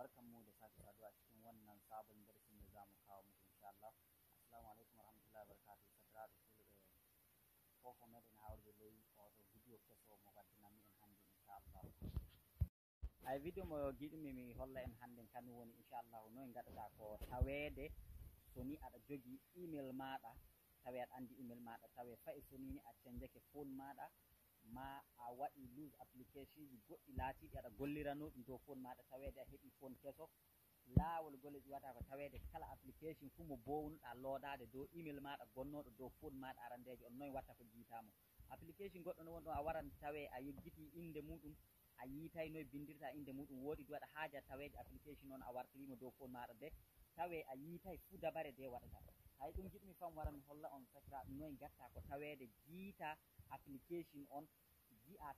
barkan mu da sake saduwa cikin wannan sabon darsin da zamu kawo muku insha Allah assalamu alaikum warahmatullahi wabarakatuh sadra da kullu da koko mai da hawar da lai wato video ke so mu ga dinami in handi insha Allah ai video mo gidi mi mi holla en handen kan woni insha Allah no en gadata ko tawede so ni ada jogi email maada tawe aɗa anndi email maɗa tawe fay so ni ni a cenjake phone maɗa ma a waɗi lus application ji goɗɗi laatiɗi aɗa gollirano ɗum to fon maɗa tawede a heɓi fon keso laawol golle ɗi wata ko tawede kala application fuu mo bownuɗa loodade dow email maɗa gonnoɗo dow fon maɗa arandeje on noy watta ko jiitamo application goɗɗo no won ɗo a waran tawe a yeggiti inde muɗum a yiitay noy bindirta inde muɗum woodi ɗi waɗa haaja tawede application on a wartirimo dow fon maɗa de tawe a yiitay fuu dabare de waɗata hay ɗum jiɗumi fam waran holla on sakiraɗum noy gatta ko tawede jiita application on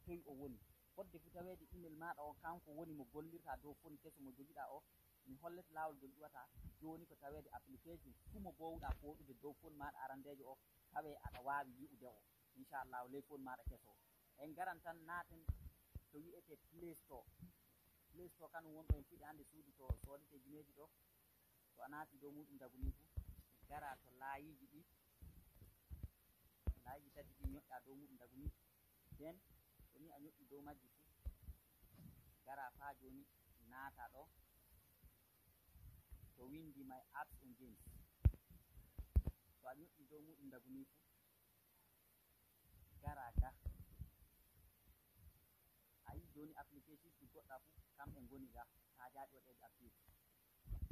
toy o woni fodde fu taweede email maɗa o kanko woni mo gollirta dow fon keso mo jogiɗa o mi hollete laawol ngol ɗuwata jooni ko taweede appliqué ji fuu mo bowɗa fooɗude dow fon maɗa arandeje o tawe aɗa waawi yi'ude o inchallahu ley fon maɗa keso o en garan tan naaten to wiyete play store play store kano wonɗo en fuɗi annde suudi to soodete jineeji ɗo to a naati dow muɗum dagu ni fu gara to laayiji ɗi laayiji tati ɗi ñoƴƴa dow muɗum dagu ni den ni a ñoɗɗi dow majji fu gara fa joni naata ɗo to windi my apps and games to a ñoɗɗi dow muɗum daguni fu gara ga ayi joni application ɗi goɗɗa fu kamɓe goni ga ta jaɗi waɗe appil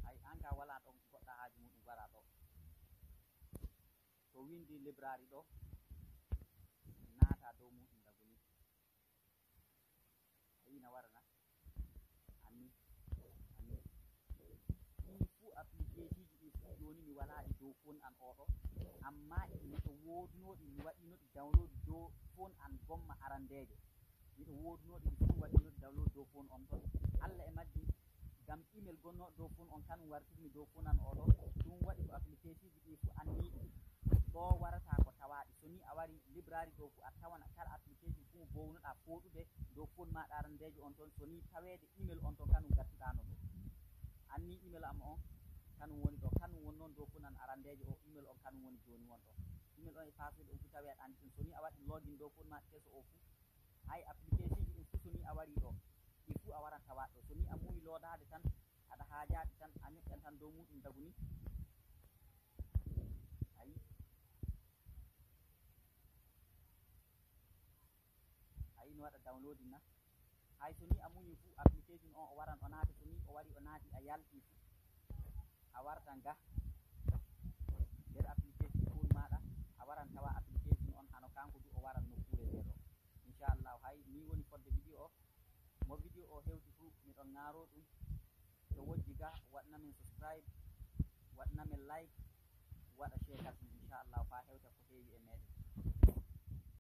ay anga wala ɗo goɗɗa haaji muɗum gara ɗo to windi librari ɗo phone an oɗo amma e miɗo woodunoɗi e mi waɗinoɗi download dow phone an gomma arandeje miɗo woodunoɗi mi fo waɗinoɗi download dow phone on ɗon allah e majji gam email gonnoɗo dow phone on tan wartirmi dow phone an oɗo ɗum waɗi ko application ji ɗi fo anniɗi ɗo warata ko tawaɗi so ni a wari librari ɗo fo a tawan kala application fo bownoɗa fooɗude dow phone maɗa arandeje on ton so ni tawede email on ton kanum gartiɗano ɗo anni email am on kanum woni arandeje o email on kanum woni joni won ɗo email on e fasede on fu tawi aɗa andi ɗum soni a waɗi login ɗo fof ma keso o fu hay application ji ɗin fu soni a wari ɗo ɗi fu a waran tawaɗ ɗo soni a muwi lodade tan aɗa hajaɗe tan a neɗɗan tan dow muɗum daguni ayi ayi no waɗa download na hay soni a muñi fu application on o waran o naati soni o wari o naati a yalɗi fu a wartan ga mo vidéo o hewti fuu miɗon ŋaaro ɗum to wojji ga waɗnamin subscribe waɗnamin like waɗa chekasmi